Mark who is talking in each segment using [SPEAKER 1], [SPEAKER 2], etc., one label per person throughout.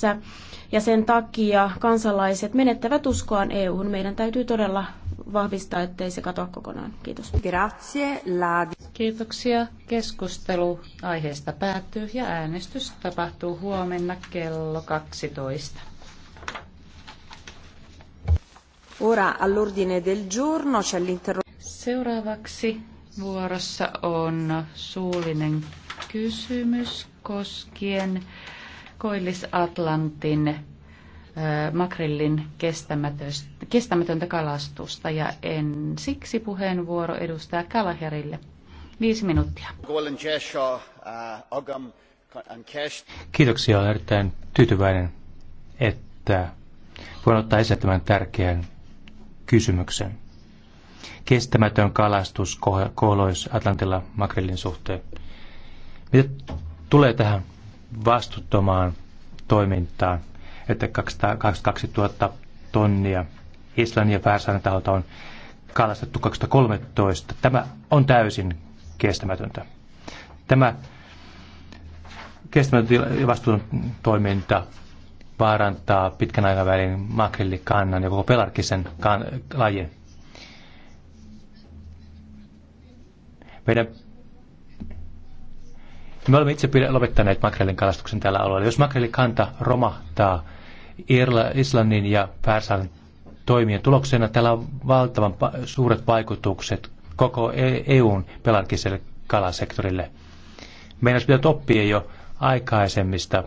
[SPEAKER 1] käynnissä ja sen takia kansalaiset menettävät uskoaan EU:hun. Meidän täytyy todella
[SPEAKER 2] vahvistaa, ettei se katoa kokonaan. Kiitos. Grazie, la... Kiitoksia. Keskustelu aiheesta päättyy ja äänestys tapahtuu huomenna kello 12. Ora all'ordine del giorno c'è l'interro... Seuraavaksi vuorossa on suullinen kysymys koskien Koillis-Atlantin makrillin kestämätöntä kalastusta ja siksi puheenvuoro edustaa Kalaherille. Viisi minuuttia.
[SPEAKER 3] Kiitoksia, olen erittäin tyytyväinen, että voin ottaa esille tämän tärkeän kysymyksen. Kestämätön kalastus Koolois-Atlantilla makrillin suhteen. Mitä tulee tähän vastuttomaan toimintaan, että 222 000 tonnia Islannin ja Färsaaren taholta on kalastettu 2013. Tämä on täysin kestämätöntä. Tämä kestämätön ja vastuuton toiminta vaarantaa pitkän aikavälin makrillikannan ja koko pelarkisen kan- lajin. Meidän me olemme itse lopettaneet makrelin kalastuksen tällä alueella. Jos kanta romahtaa Islannin ja Pärsan toimien tuloksena, tällä on valtavan suuret vaikutukset koko EUn e pelarkiselle kalasektorille. Meidän olisi pitänyt oppia jo aikaisemmista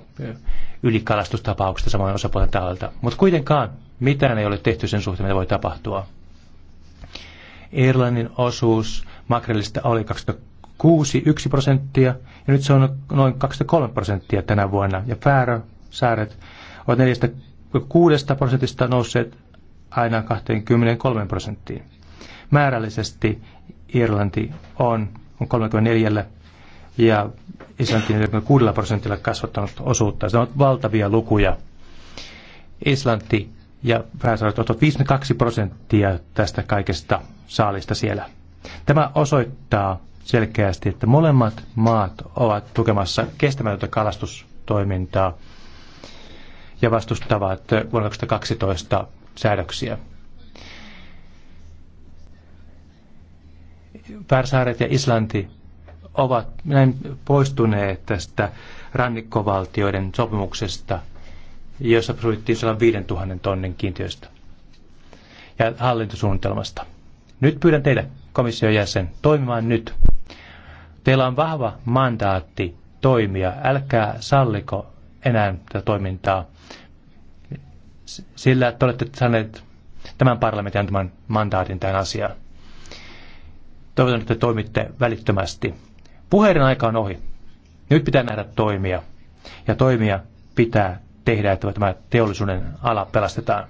[SPEAKER 3] ylikalastustapauksista samoin osapuolen taholta. Mutta kuitenkaan mitään ei ole tehty sen suhteen, mitä voi tapahtua. Irlannin osuus makrelista oli 2006 prosenttia ja nyt se on noin 23 prosenttia tänä vuonna. Ja Färö-saaret ovat 46 prosentista nousseet aina 23 prosenttiin. Määrällisesti Irlanti on, on 34 ja Islanti 46 prosentilla kasvattanut osuutta. Se on valtavia lukuja. Islanti ja pääsaaret ovat 52 prosenttia tästä kaikesta saalista siellä. Tämä osoittaa, selkeästi, että molemmat maat ovat tukemassa kestämätöntä kalastustoimintaa ja vastustavat vuonna 2012 säädöksiä. Färsaaret ja Islanti ovat näin poistuneet tästä rannikkovaltioiden sopimuksesta, jossa sovittiin 5000 tonnin kiintiöstä ja hallintosuunnitelmasta. Nyt pyydän teitä, komission jäsen, toimimaan nyt. Teillä on vahva mandaatti toimia. Älkää salliko enää tätä toimintaa. Sillä, että olette saaneet tämän parlamentin antaman mandaatin tämän asiaan. Toivotan, että toimitte välittömästi. Puheiden aika on ohi. Nyt pitää nähdä toimia. Ja toimia pitää tehdä, että tämä teollisuuden ala pelastetaan.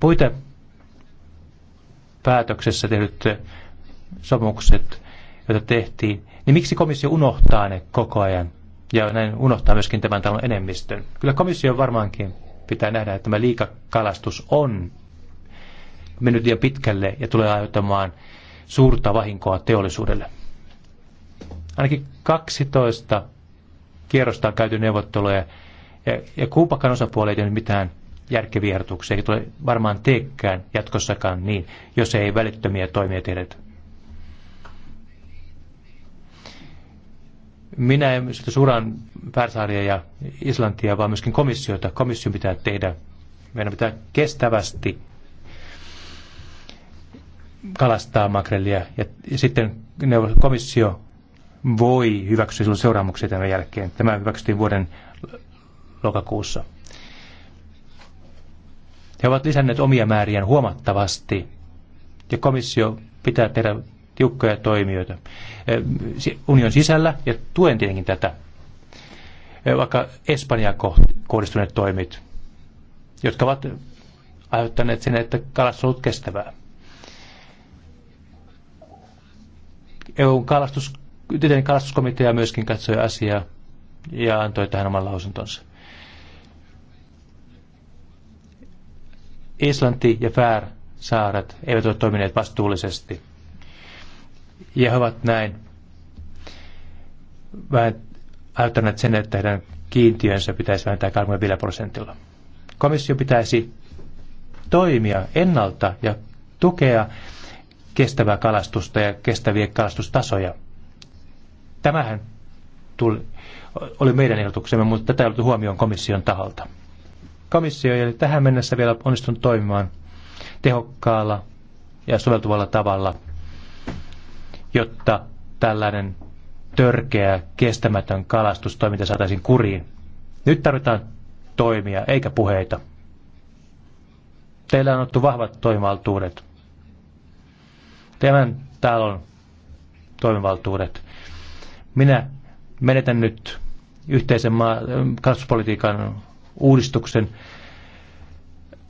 [SPEAKER 3] puite päätöksessä tehdyt sopimukset, joita tehtiin, niin miksi komissio unohtaa ne koko ajan? Ja näin unohtaa myöskin tämän talon enemmistön. Kyllä komissio varmaankin pitää nähdä, että tämä liikakalastus on mennyt liian pitkälle ja tulee aiheuttamaan suurta vahinkoa teollisuudelle. Ainakin 12 kierrosta on käyty neuvotteluja ja, ja kumpakaan osapuoli ei tehnyt mitään järkeviä ehdotuksia, eikä tule varmaan teekään jatkossakaan niin, jos ei välittömiä toimia tehdä. Minä en sitä suuran Färsaaria ja Islantia, vaan myöskin komissiota. Komissio pitää tehdä. Meidän pitää kestävästi kalastaa makrellia ja sitten komissio voi hyväksyä silloin seuraamuksia tämän jälkeen. Tämä hyväksyttiin vuoden lokakuussa. He ovat lisänneet omia määriään huomattavasti ja komissio pitää tehdä tiukkoja toimijoita union sisällä ja tuen tietenkin tätä, vaikka Espanjaan kohdistuneet toimit, jotka ovat aiheuttaneet sen, että kalastus on ollut kestävää. EUn kalastus, kalastuskomitea myöskin katsoi asiaa ja antoi tähän oman lausuntonsa. Islanti ja Fär-saaret eivät ole toimineet vastuullisesti. Ja he ovat näin vähän ajattaneet sen, että heidän kiintiönsä pitäisi vähentää 25 prosentilla. Komissio pitäisi toimia ennalta ja tukea kestävää kalastusta ja kestäviä kalastustasoja. Tämähän tuli, oli meidän ehdotuksemme, mutta tätä ei ollut huomioon komission taholta komissio ei ole tähän mennessä vielä onnistunut toimimaan tehokkaalla ja soveltuvalla tavalla, jotta tällainen törkeä, kestämätön kalastustoiminta saataisiin kuriin. Nyt tarvitaan toimia, eikä puheita. Teillä on ottu vahvat toimivaltuudet. Tämän talon toimivaltuudet. Minä menetän nyt yhteisen kalastuspolitiikan uudistuksen.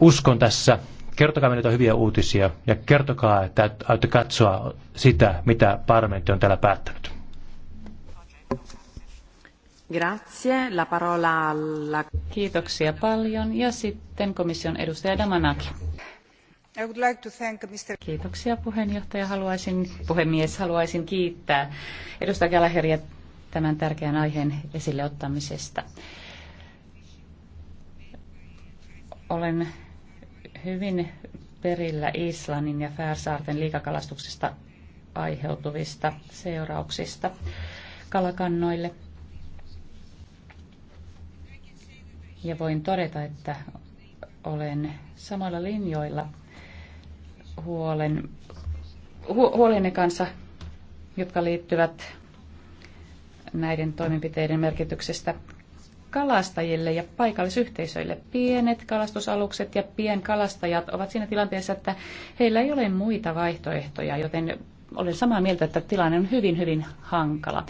[SPEAKER 3] Uskon tässä. Kertokaa meille hyviä uutisia ja kertokaa, että aiotte katsoa sitä, mitä parlamentti on täällä päättänyt.
[SPEAKER 2] Grazie. La parola alla... Kiitoksia paljon. Ja sitten komission edustaja Damanaki. I would like to thank Mr. Kiitoksia puheenjohtaja. Haluaisin, puhemies, haluaisin kiittää edustaja Gallagheria tämän tärkeän aiheen esille ottamisesta. Olen hyvin perillä Islannin ja Färsaarten liikakalastuksesta aiheutuvista seurauksista kalakannoille. Ja voin todeta, että olen samoilla linjoilla huolen, hu, huolenne kanssa, jotka liittyvät näiden toimenpiteiden merkityksestä kalastajille ja paikallisyhteisöille. Pienet kalastusalukset ja pienkalastajat ovat siinä tilanteessa, että heillä ei ole muita vaihtoehtoja, joten olen samaa mieltä, että tilanne on hyvin, hyvin hankala.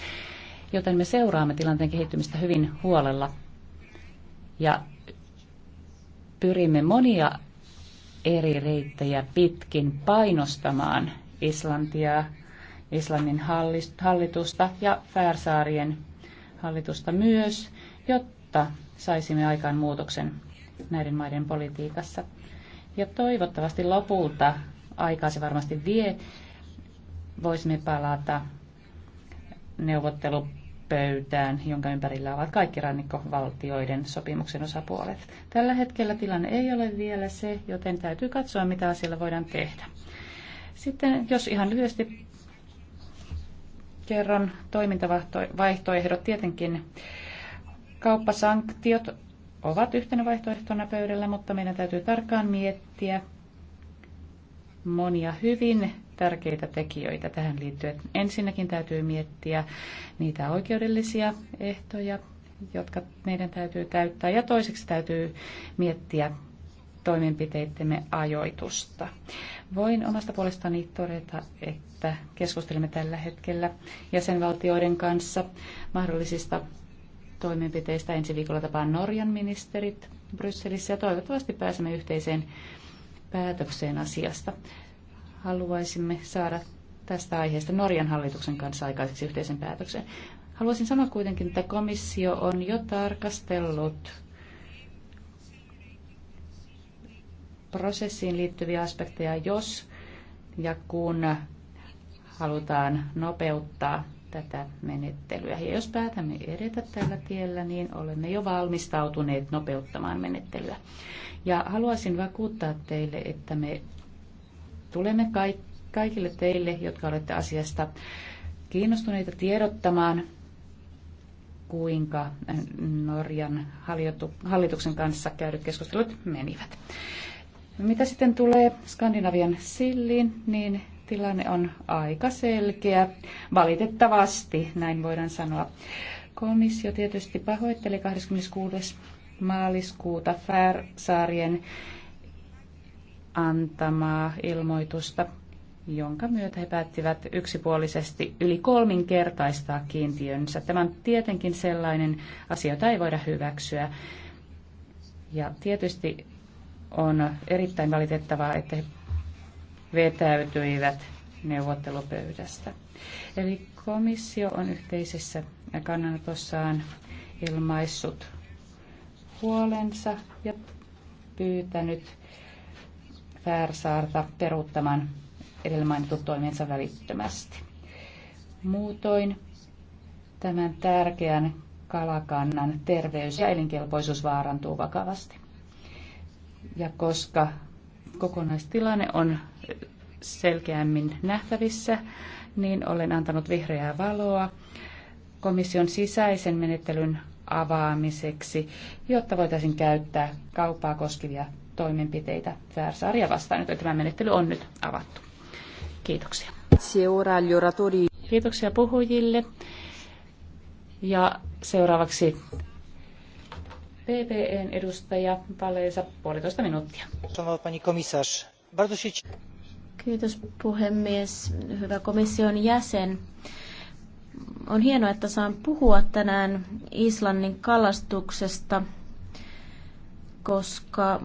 [SPEAKER 2] Joten me seuraamme tilanteen kehittymistä hyvin huolella ja pyrimme monia eri reittejä pitkin painostamaan Islantia, Islannin hallitusta ja Färsaarien hallitusta myös jotta saisimme aikaan muutoksen näiden maiden politiikassa. Ja toivottavasti lopulta, aikaa se varmasti vie, voisimme palata neuvottelupöytään, jonka ympärillä ovat kaikki rannikkovaltioiden sopimuksen osapuolet. Tällä hetkellä tilanne ei ole vielä se, joten täytyy katsoa, mitä asialla voidaan tehdä. Sitten jos ihan lyhyesti kerron toimintavaihtoehdot tietenkin Kauppasanktiot ovat yhtenä vaihtoehtona pöydällä, mutta meidän täytyy tarkkaan miettiä monia hyvin tärkeitä tekijöitä tähän liittyen. Ensinnäkin täytyy miettiä niitä oikeudellisia ehtoja, jotka meidän täytyy täyttää, ja toiseksi täytyy miettiä toimenpiteittemme ajoitusta. Voin omasta puolestani todeta, että keskustelemme tällä hetkellä jäsenvaltioiden kanssa mahdollisista toimenpiteistä. Ensi viikolla tapaan Norjan ministerit Brysselissä ja toivottavasti pääsemme yhteiseen päätökseen asiasta. Haluaisimme saada tästä aiheesta Norjan hallituksen kanssa aikaiseksi yhteisen päätöksen. Haluaisin sanoa kuitenkin, että komissio on jo tarkastellut prosessiin liittyviä aspekteja, jos ja kun halutaan nopeuttaa tätä menettelyä. Ja jos päätämme edetä tällä tiellä, niin olemme jo valmistautuneet nopeuttamaan menettelyä. Ja haluaisin vakuuttaa teille, että me tulemme kaikille teille, jotka olette asiasta kiinnostuneita tiedottamaan, kuinka Norjan hallituksen kanssa käydyt keskustelut menivät. Mitä sitten tulee Skandinavian silliin, niin tilanne on aika selkeä. Valitettavasti, näin voidaan sanoa. Komissio tietysti pahoitteli 26. maaliskuuta Färsaarien antamaa ilmoitusta, jonka myötä he päättivät yksipuolisesti yli kolminkertaistaa kiintiönsä. Tämä on tietenkin sellainen asia, jota ei voida hyväksyä. Ja tietysti on erittäin valitettavaa, että he vetäytyivät neuvottelupöydästä. Eli komissio on yhteisessä kannanotossaan ilmaissut huolensa ja pyytänyt Färsaarta peruuttamaan edellä mainitut toimensa välittömästi. Muutoin tämän tärkeän kalakannan terveys ja elinkelpoisuus vaarantuu vakavasti. Ja koska kokonaistilanne on selkeämmin nähtävissä, niin olen antanut vihreää valoa komission sisäisen menettelyn avaamiseksi, jotta voitaisiin käyttää kauppaa koskevia toimenpiteitä Färsaaria vastaan, Että tämä menettely on nyt avattu. Kiitoksia. Kiitoksia puhujille. Ja seuraavaksi PPN edustaja Paleisa
[SPEAKER 3] puolitoista minuuttia.
[SPEAKER 2] Kiitos puhemies, hyvä komission
[SPEAKER 1] jäsen. On hienoa, että saan puhua tänään Islannin kalastuksesta, koska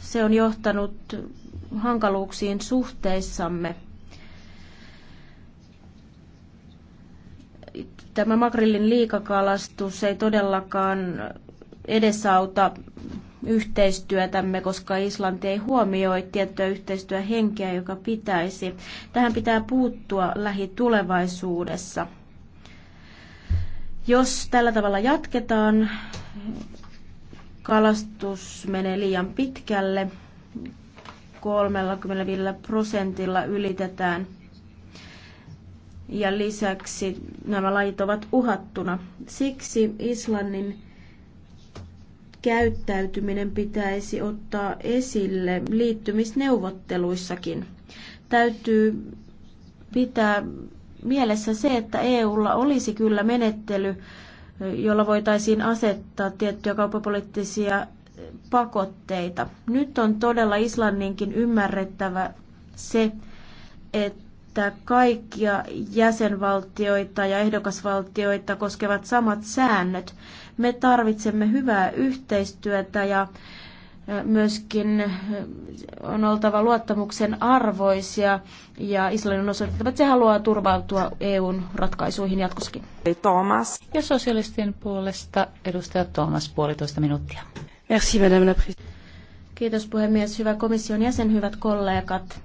[SPEAKER 1] se on johtanut hankaluuksiin suhteissamme. Tämä makrillin liikakalastus ei todellakaan edesauta yhteistyötämme, koska Islanti ei huomioi tiettyä yhteistyöhenkeä, joka pitäisi. Tähän pitää puuttua lähitulevaisuudessa. Jos tällä tavalla jatketaan, kalastus menee liian pitkälle. 35 prosentilla ylitetään ja lisäksi nämä lajit ovat uhattuna. Siksi Islannin käyttäytyminen pitäisi ottaa esille liittymisneuvotteluissakin. Täytyy pitää mielessä se, että EUlla olisi kyllä menettely, jolla voitaisiin asettaa tiettyjä kauppapoliittisia pakotteita. Nyt on todella Islanninkin ymmärrettävä se, että kaikkia jäsenvaltioita ja ehdokasvaltioita koskevat samat säännöt. Me tarvitsemme hyvää yhteistyötä ja myöskin on oltava luottamuksen arvoisia ja Islannin on osoitettava,
[SPEAKER 2] että se haluaa turvautua EUn ratkaisuihin jatkossakin. Thomas. Ja sosialistien puolesta edustaja Thomas puolitoista minuuttia. Merci, madame la
[SPEAKER 1] Kiitos puhemies, hyvä komission jäsen, hyvät kollegat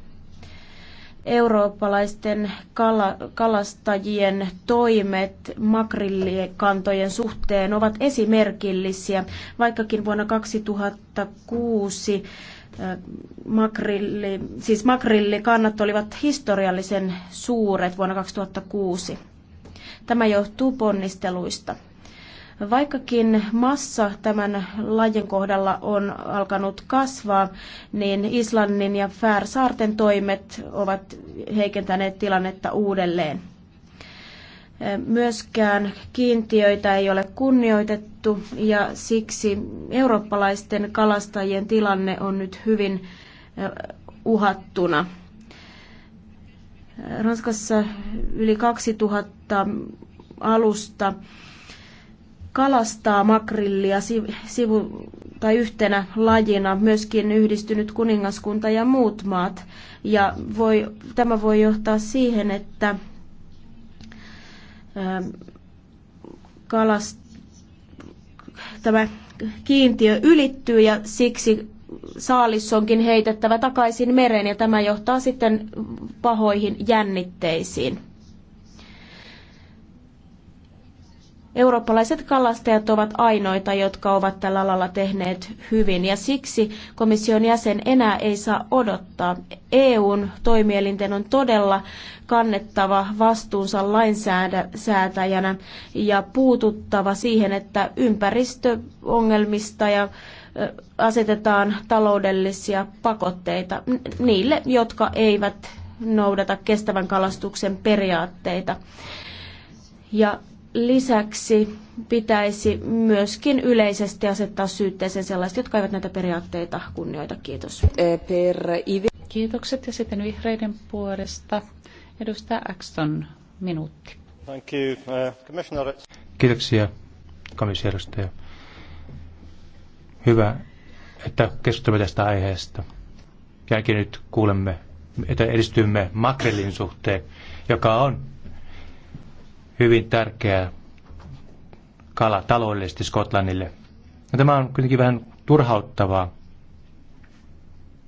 [SPEAKER 1] eurooppalaisten kala, kalastajien toimet makrillikantojen suhteen ovat esimerkillisiä, vaikkakin vuonna 2006 makrilli, siis makrillikannat olivat historiallisen suuret vuonna 2006. Tämä johtuu ponnisteluista. Vaikkakin massa tämän lajin kohdalla on alkanut kasvaa, niin Islannin ja Färsaarten toimet ovat heikentäneet tilannetta uudelleen. Myöskään kiintiöitä ei ole kunnioitettu ja siksi eurooppalaisten kalastajien tilanne on nyt hyvin uhattuna. Ranskassa yli 2000 alusta kalastaa makrillia sivu, tai yhtenä lajina, myöskin yhdistynyt kuningaskunta ja muut maat. Ja voi, tämä voi johtaa siihen, että ähm, kalast, tämä kiintiö ylittyy ja siksi saalis onkin heitettävä takaisin mereen ja tämä johtaa sitten pahoihin jännitteisiin. Eurooppalaiset kalastajat ovat ainoita, jotka ovat tällä alalla tehneet hyvin ja siksi komission jäsen enää ei saa odottaa. EUn toimielinten on todella kannettava vastuunsa lainsäätäjänä ja puututtava siihen, että ympäristöongelmista ja asetetaan taloudellisia pakotteita niille, jotka eivät noudata kestävän kalastuksen periaatteita. Ja Lisäksi pitäisi myöskin yleisesti asettaa syytteeseen sellaiset, jotka eivät näitä periaatteita kunnioita.
[SPEAKER 2] Kiitos. E, Kiitokset ja sitten vihreiden puolesta edustaja Axton minuutti.
[SPEAKER 3] Thank you, uh, Kiitoksia, komissiarustaja. Hyvä, että keskustelemme tästä aiheesta. Jääkin nyt kuulemme, että edistymme makrelin suhteen, joka on hyvin tärkeä kala taloudellisesti Skotlannille. Ja tämä on kuitenkin vähän turhauttavaa,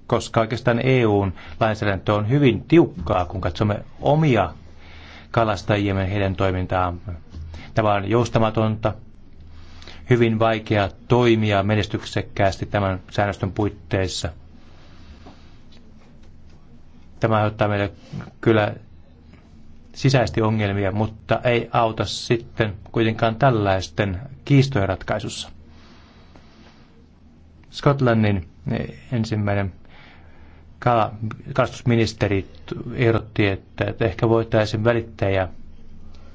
[SPEAKER 3] koska oikeastaan EUn lainsäädäntö on hyvin tiukkaa, kun katsomme omia kalastajiemme heidän toimintaan. Tämä on joustamatonta, hyvin vaikea toimia menestyksekkäästi tämän säännöstön puitteissa. Tämä aiheuttaa meille kyllä sisäisesti ongelmia, mutta ei auta sitten kuitenkaan tällaisten kiistojen ratkaisussa. Skotlannin eh, ensimmäinen kalastusministeri ehdotti, että, että ehkä voitaisiin välittäjä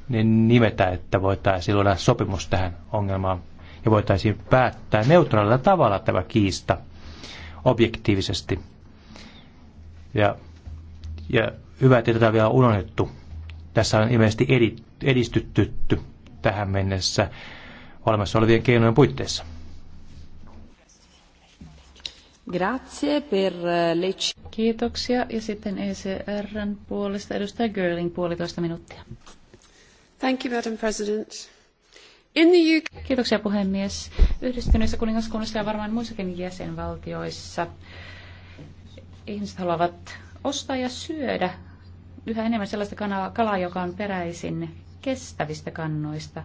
[SPEAKER 3] niin nimetä, että voitaisiin luoda sopimus tähän ongelmaan ja voitaisiin päättää neutraalilla tavalla tämä kiista objektiivisesti. Ja, ja hyvä, että tätä on vielä unohdettu tässä on ilmeisesti edistytty tähän mennessä olemassa olevien keinojen puitteissa.
[SPEAKER 2] Grazie per le... Kiitoksia. Ja sitten ECRn puolesta edustaja Görling puolitoista minuuttia. Thank you, Madam President. In the UK... Kiitoksia puhemies. Yhdistyneissä kuningaskunnissa ja varmaan muissakin jäsenvaltioissa ihmiset haluavat ostaa ja syödä yhä enemmän sellaista kanaa, kalaa, joka on peräisin kestävistä kannoista.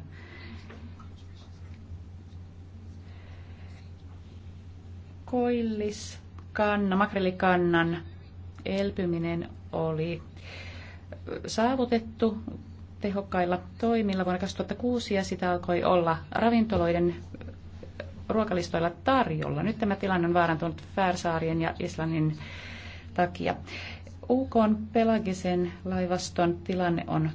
[SPEAKER 2] Koilliskanna, makrelikannan elpyminen oli saavutettu tehokkailla toimilla vuonna 2006 ja sitä alkoi olla ravintoloiden ruokalistoilla tarjolla. Nyt tämä tilanne on vaarantunut Färsaarien ja Islannin takia. UK pelagisen laivaston tilanne on,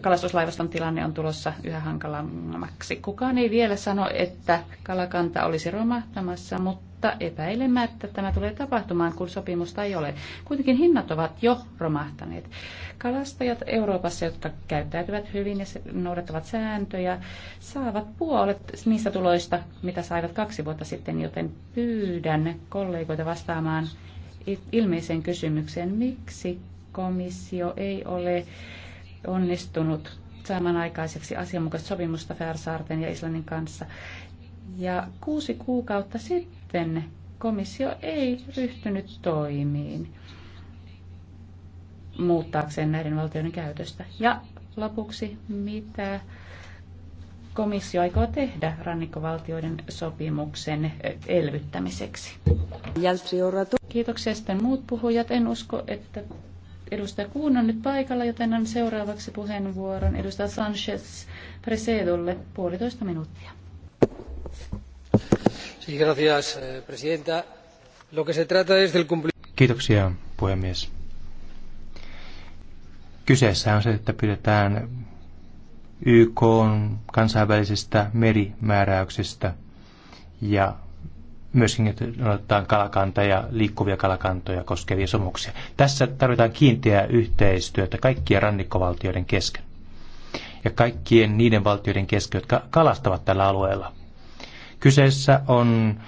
[SPEAKER 2] kalastuslaivaston tilanne on tulossa yhä hankalammaksi. Kukaan ei vielä sano, että kalakanta olisi romahtamassa, mutta epäilemättä tämä tulee tapahtumaan, kun sopimusta ei ole. Kuitenkin hinnat ovat jo romahtaneet. Kalastajat Euroopassa, jotka käyttäytyvät hyvin ja noudattavat sääntöjä, saavat puolet niistä tuloista, mitä saivat kaksi vuotta sitten, joten pyydän kollegoita vastaamaan ilmeiseen kysymykseen, miksi komissio ei ole onnistunut saamaan aikaiseksi asianmukaista sopimusta Färsaarten ja Islannin kanssa. Ja kuusi kuukautta sitten komissio ei ryhtynyt toimiin muuttaakseen näiden valtioiden käytöstä. Ja lopuksi, mitä komissio aikoo tehdä rannikkovaltioiden sopimuksen elvyttämiseksi? Kiitoksia sitten muut puhujat. En usko, että edustaja Kuun on nyt paikalla, joten on seuraavaksi puheenvuoron edustaja Sanchez Presedolle puolitoista minuuttia. Eh,
[SPEAKER 3] Kiitoksia, puhemies. Kyseessä on se, että pidetään YK on kansainvälisistä merimääräyksistä ja myöskin otetaan kalakanta ja liikkuvia kalakantoja koskevia sopimuksia. Tässä tarvitaan kiinteää yhteistyötä kaikkien rannikkovaltioiden kesken ja kaikkien niiden valtioiden kesken, jotka kalastavat tällä alueella. Kyseessä on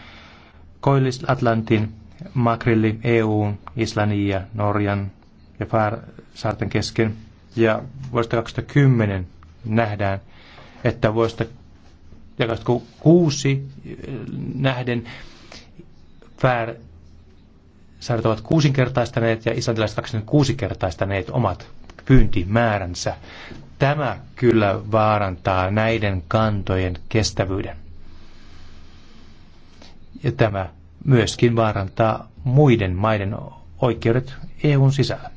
[SPEAKER 3] Koillis-Atlantin, Makrilli, EU, Islannin ja Norjan ja Fär-saarten kesken. Ja vuodesta 2010 nähdään, että vuodesta 2006 eh, nähden Fär saaret ovat kuusinkertaistaneet ja islantilaiset 26 kertaistaneet omat pyyntimääränsä. Tämä kyllä vaarantaa näiden kantojen kestävyyden. Ja tämä myöskin vaarantaa muiden maiden oikeudet EUn sisällä.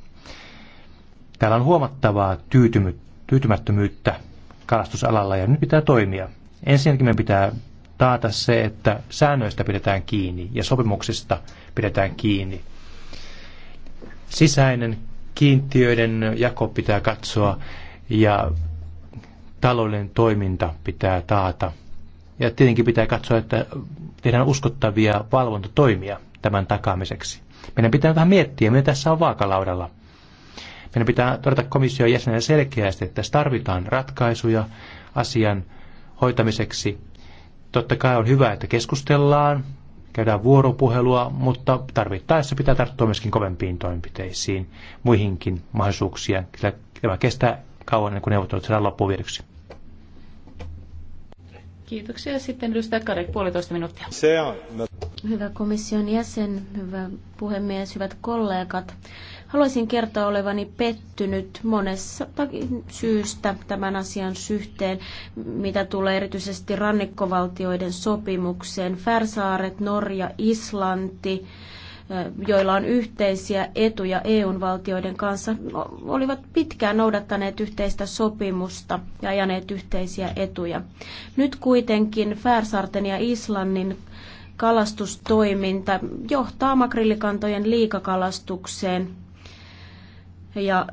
[SPEAKER 3] Täällä on huomattavaa tyytymyttä tyytymättömyyttä kalastusalalla ja nyt pitää toimia. Ensinnäkin meidän pitää taata se, että säännöistä pidetään kiinni ja sopimuksista pidetään kiinni. Sisäinen kiintiöiden jako pitää katsoa ja taloudellinen toiminta pitää taata. Ja tietenkin pitää katsoa, että tehdään uskottavia valvontatoimia tämän takaamiseksi. Meidän pitää vähän miettiä, mitä tässä on vaakalaudalla. Meidän pitää todeta komission jäsenen selkeästi, että tässä tarvitaan ratkaisuja asian hoitamiseksi. Totta kai on hyvä, että keskustellaan, käydään vuoropuhelua, mutta tarvittaessa pitää tarttua myöskin kovempiin toimenpiteisiin, muihinkin mahdollisuuksiin, sillä tämä kestää kauan ennen kuin neuvottelut saadaan loppuviedyksi.
[SPEAKER 1] Kiitoksia.
[SPEAKER 2] Sitten edustaja Karek, puolitoista minuuttia.
[SPEAKER 1] Hyvä komission jäsen, hyvä puhemies, hyvät kollegat. Haluaisin kertoa olevani pettynyt monessa syystä tämän asian syhteen, mitä tulee erityisesti rannikkovaltioiden sopimukseen. Färsaaret, Norja, Islanti, joilla on yhteisiä etuja eu valtioiden kanssa, olivat pitkään noudattaneet yhteistä sopimusta ja ajaneet yhteisiä etuja. Nyt kuitenkin Färsaarten ja Islannin kalastustoiminta johtaa makrillikantojen liikakalastukseen ja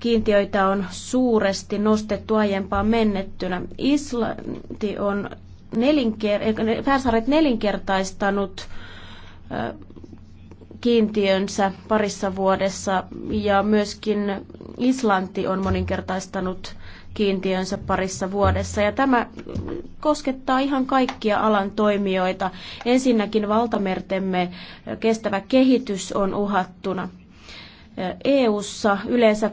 [SPEAKER 1] kiintiöitä on suuresti nostettu aiempaan mennettynä. Islanti on nelinker- nelinkertaistanut kiintiönsä parissa vuodessa ja myöskin Islanti on moninkertaistanut kiintiönsä parissa vuodessa. Ja tämä koskettaa ihan kaikkia alan toimijoita. Ensinnäkin valtamertemme kestävä kehitys on uhattuna. EU:ssa yleensä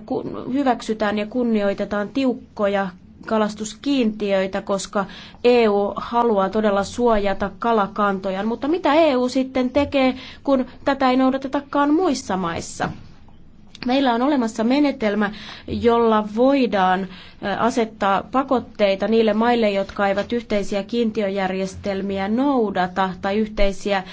[SPEAKER 1] hyväksytään ja kunnioitetaan tiukkoja kalastuskiintiöitä, koska EU haluaa todella suojata kalakantoja. Mutta mitä EU sitten tekee, kun tätä ei noudatetakaan muissa maissa? Meillä on olemassa menetelmä, jolla voidaan asettaa pakotteita niille maille, jotka eivät yhteisiä kiintiöjärjestelmiä noudata tai yhteisiä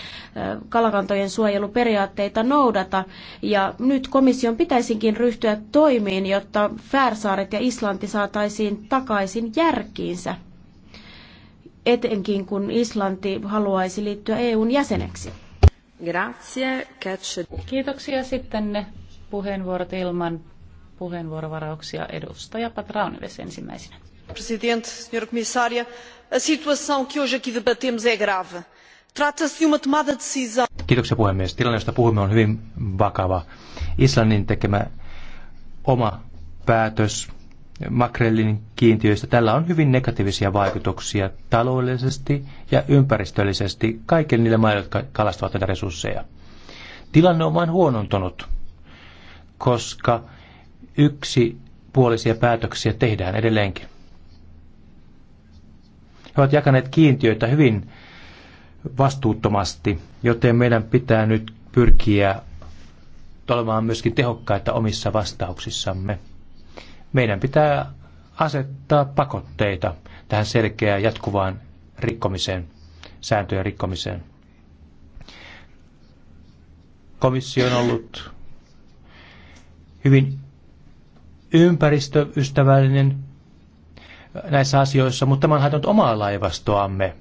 [SPEAKER 1] kalakantojen suojeluperiaatteita noudata. Ja nyt komission pitäisinkin ryhtyä toimiin, jotta Färsaaret ja Islanti saataisiin takaisin järkiinsä,
[SPEAKER 2] etenkin kun Islanti haluaisi liittyä EUn jäseneksi. Grazie. Catch. Kiitoksia sitten puheenvuorot ilman puheenvuorovarauksia. Edustaja Patraunives ensimmäisenä. Presidente, senhora comissária, a situação que hoje aqui debatemos é grave. Trata-se de uma tomada de decisão.
[SPEAKER 3] Kiitoksia puhemies. Tilanne, josta puhumme, on hyvin vakava. Islannin tekemä oma päätös makrellin kiintiöistä. Tällä on hyvin negatiivisia vaikutuksia taloudellisesti ja ympäristöllisesti kaikille niille maille, jotka kalastavat näitä resursseja. Tilanne on vain huonontunut koska yksipuolisia päätöksiä tehdään edelleenkin. He ovat jakaneet kiintiöitä hyvin vastuuttomasti, joten meidän pitää nyt pyrkiä olemaan myöskin tehokkaita omissa vastauksissamme. Meidän pitää asettaa pakotteita tähän selkeään jatkuvaan rikkomiseen, sääntöjen rikkomiseen. Komissio on ollut hyvin ympäristöystävällinen näissä asioissa, mutta tämä on haitanut omaa laivastoamme.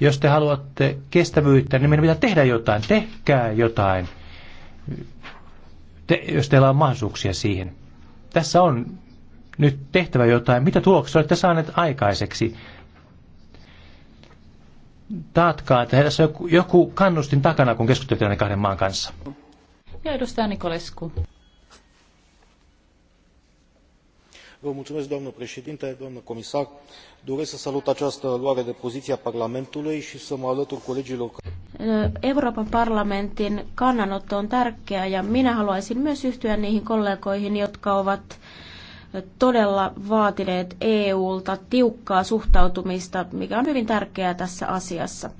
[SPEAKER 3] Jos te haluatte kestävyyttä, niin meidän pitää tehdä jotain. Tehkää jotain, te, jos teillä on mahdollisuuksia siihen. Tässä on nyt tehtävä jotain. Mitä tuloksia olette saaneet aikaiseksi? Taatkaa, että tässä on joku, joku kannustin takana, kun keskustelette näiden kahden maan kanssa.
[SPEAKER 2] Ja edustaja Nikolesku.
[SPEAKER 3] doresc să salut această luare de poziție a Parlamentului și să mă alătur colegilor.
[SPEAKER 1] Euroopan parlamentin kannanotto on tärkeä ja minä haluaisin myös yhtyä niihin kollegoihin, jotka ovat todella vaatineet EUlta tiukkaa suhtautumista, mikä on hyvin tärkeää tässä asiassa.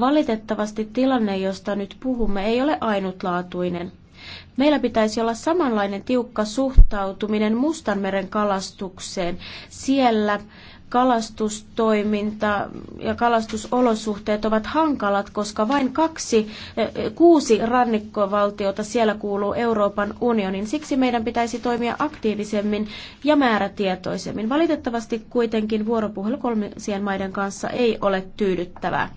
[SPEAKER 1] Valitettavasti tilanne, josta nyt puhumme, ei ole ainutlaatuinen. Meillä pitäisi olla samanlainen tiukka suhtautuminen Mustanmeren kalastukseen. Siellä kalastustoiminta ja kalastusolosuhteet ovat hankalat, koska vain kaksi, eh, eh, kuusi rannikkovaltiota siellä kuuluu Euroopan unionin. Siksi meidän pitäisi toimia aktiivisemmin ja määrätietoisemmin. Valitettavasti kuitenkin vuoropuhelu kolmien maiden kanssa ei ole tyydyttävää.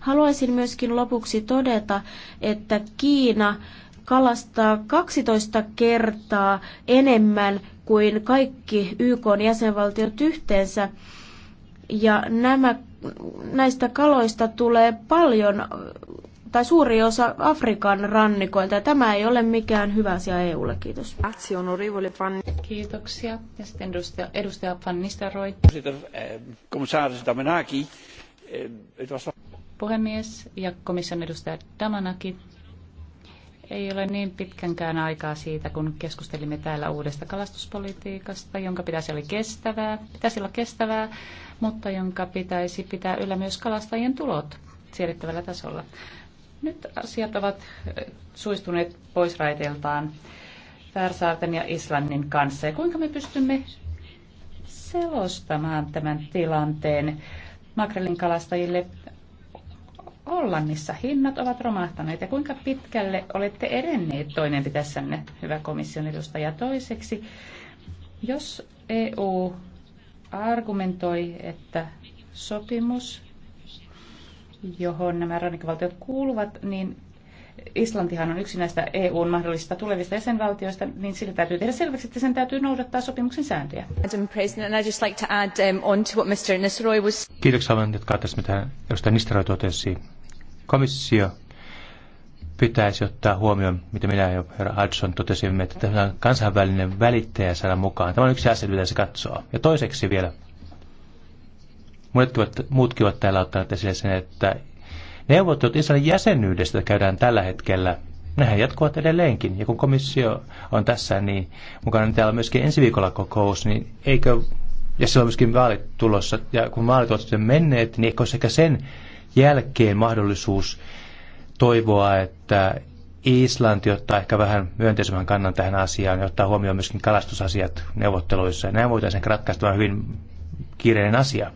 [SPEAKER 1] Haluaisin myöskin lopuksi todeta, että Kiina kalastaa 12 kertaa enemmän kuin kaikki YK jäsenvaltiot yhteensä. Ja nämä, näistä kaloista tulee paljon tai suuri osa Afrikan rannikoilta. Ja tämä ei ole mikään hyvä asia EUlle. Kiitos. Kiitoksia.
[SPEAKER 2] Ja sitten edustaja, edustaja Van Nistelrooy. Eh, eh, Puhemies ja komission edustaja Damanaki ei ole niin pitkänkään aikaa siitä, kun keskustelimme täällä uudesta kalastuspolitiikasta, jonka pitäisi olla kestävää, pitäisi olla kestävää, mutta jonka pitäisi pitää yllä myös kalastajien tulot siedettävällä tasolla. Nyt asiat ovat eh, suistuneet pois raiteiltaan Färsaarten ja Islannin kanssa. Ja kuinka me pystymme selostamaan tämän tilanteen makrelin kalastajille Hollannissa hinnat ovat romahtaneet ja kuinka pitkälle olette edenneet toimenpiteessänne, hyvä komission edustaja. Toiseksi, jos EU argumentoi, että sopimus, johon nämä rannikkovaltiot kuuluvat, niin Islantihan on yksi näistä EUn mahdollisista tulevista jäsenvaltioista, niin sillä täytyy tehdä selväksi, että sen täytyy noudattaa sopimuksen sääntöjä. President, just like to add um, on to what Mr. was...
[SPEAKER 3] Kiitoksia, haluan jatkaa tässä, mitä edustaja Nisteroi totesi. Komissio pitäisi ottaa huomioon, mitä minä ja herra Hudson totesimme, että tämä on kansainvälinen välittäjä saada mukaan. Tämä on yksi asia, mitä se katsoa. Ja toiseksi vielä, muutkin ovat täällä ottaneet esille sen, että Neuvottelut Israelin jäsenyydestä käydään tällä hetkellä. Nehän jatkuvat edelleenkin. Ja kun komissio on tässä niin mukana, niin täällä on myöskin ensi viikolla kokous, niin eikö, ja on myöskin vaalit tulossa, ja kun vaalit ovat sitten menneet, niin eikö sekä sen jälkeen mahdollisuus toivoa, että Islanti ottaa ehkä vähän myönteisemmän kannan tähän asiaan ja ottaa huomioon myöskin kalastusasiat neuvotteluissa. Ja näin voitaisiin ratkaista hyvin kiireinen asia.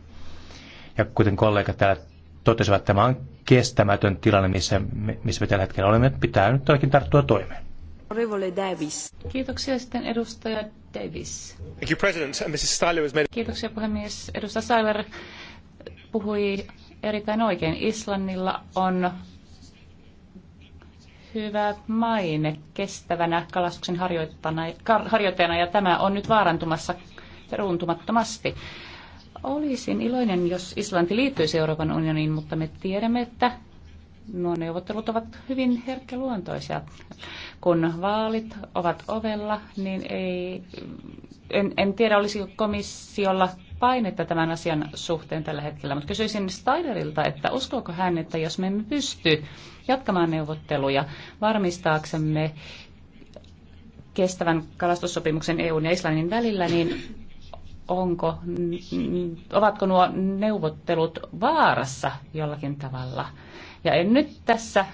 [SPEAKER 3] Ja kuten kollega täällä totesivat, että tämä on kestämätön tilanne, missä, missä me tällä hetkellä olemme. Pitää nyt todellakin tarttua toimeen.
[SPEAKER 2] Davis. Kiitoksia sitten edustaja Davis.
[SPEAKER 3] Thank you, President. Mrs. Styler made...
[SPEAKER 2] Kiitoksia puhemies. Edustaja Styler puhui erittäin oikein. Islannilla on hyvä maine kestävänä kalastuksen harjoittajana, ja tämä on nyt vaarantumassa peruuntumattomasti. Olisin iloinen, jos Islanti liittyisi Euroopan unioniin, mutta me tiedämme, että nuo neuvottelut ovat hyvin herkkäluontoisia. Kun vaalit ovat ovella, niin ei, en, en tiedä olisiko komissiolla painetta tämän asian suhteen tällä hetkellä, mutta kysyisin Steinerilta, että uskooko hän, että jos me emme pysty jatkamaan neuvotteluja varmistaaksemme kestävän kalastussopimuksen EUn ja Islannin välillä, niin onko, ovatko nuo neuvottelut vaarassa jollakin tavalla. Ja en nyt tässä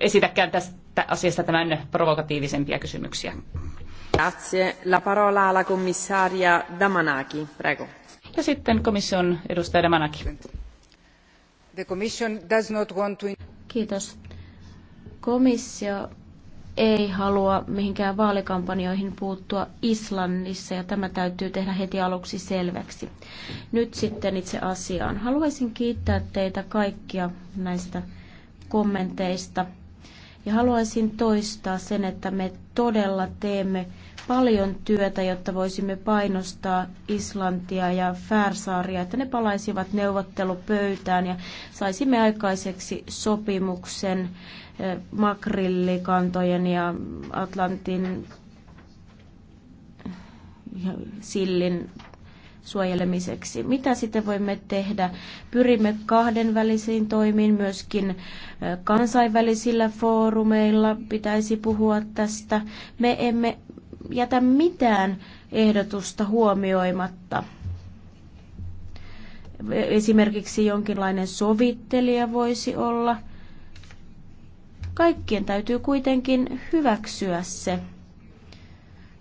[SPEAKER 2] esitäkään tästä asiasta tämän provokatiivisempia kysymyksiä. Grazie. La parola alla commissaria Damanaki, prego. Ja sitten komission edustaja Damanaki.
[SPEAKER 1] The commission does not want to... Kiitos. Komissio ei halua mihinkään vaalikampanjoihin puuttua Islannissa ja tämä täytyy tehdä heti aluksi selväksi. Nyt sitten itse asiaan. Haluaisin kiittää teitä kaikkia näistä kommenteista ja haluaisin toistaa sen, että me todella teemme paljon työtä, jotta voisimme painostaa Islantia ja Färsaaria, että ne palaisivat neuvottelupöytään ja saisimme aikaiseksi sopimuksen makrillikantojen ja Atlantin sillin suojelemiseksi. Mitä sitten voimme tehdä? Pyrimme kahdenvälisiin toimiin, myöskin kansainvälisillä foorumeilla pitäisi puhua tästä. Me emme jätä mitään ehdotusta huomioimatta. Esimerkiksi jonkinlainen sovittelija voisi olla – Kaikkien täytyy kuitenkin hyväksyä se.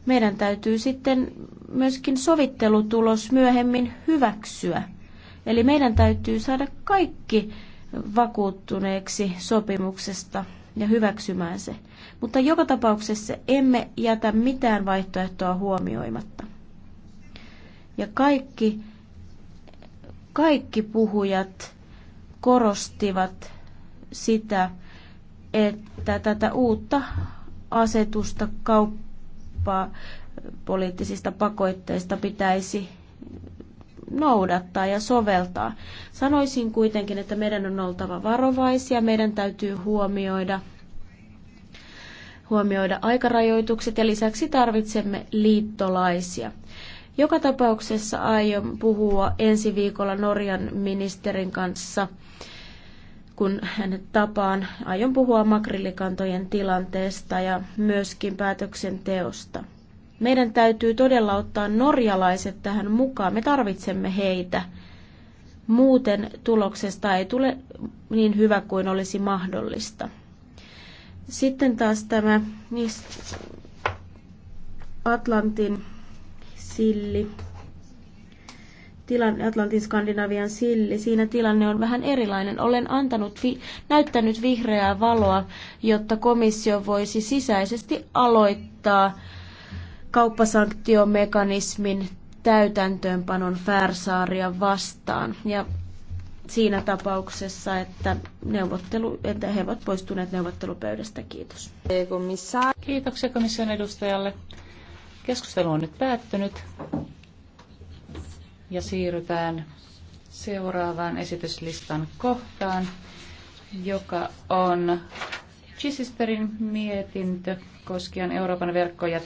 [SPEAKER 1] Meidän täytyy sitten myöskin sovittelutulos myöhemmin hyväksyä. Eli meidän täytyy saada kaikki vakuuttuneeksi sopimuksesta ja hyväksymään se. Mutta joka tapauksessa emme jätä mitään vaihtoehtoa huomioimatta. Ja kaikki, kaikki puhujat korostivat sitä, että tätä uutta asetusta kauppaa poliittisista pakotteista pitäisi noudattaa ja soveltaa. Sanoisin kuitenkin, että meidän on oltava varovaisia, meidän täytyy huomioida huomioida aikarajoitukset ja lisäksi tarvitsemme liittolaisia. Joka tapauksessa aion puhua ensi viikolla Norjan ministerin kanssa kun hänet tapaan. Aion puhua makrillikantojen tilanteesta ja myöskin päätöksenteosta. Meidän täytyy todella ottaa norjalaiset tähän mukaan. Me tarvitsemme heitä. Muuten tuloksesta ei tule niin hyvä kuin olisi mahdollista. Sitten taas tämä Atlantin silli tilanne Atlantin Skandinavian silli, siinä tilanne on vähän erilainen. Olen antanut vi- näyttänyt vihreää valoa, jotta komissio voisi sisäisesti aloittaa kauppasanktiomekanismin täytäntöönpanon Färsaaria vastaan. Ja siinä tapauksessa, että, neuvottelu, että he ovat poistuneet neuvottelupöydästä. Kiitos.
[SPEAKER 2] Kiitoksia komission edustajalle. Keskustelu on nyt päättynyt ja siirrytään seuraavaan esityslistan kohtaan, joka on Chisisterin mietintö koskien Euroopan verkko- ja tietoliikennepalveluiden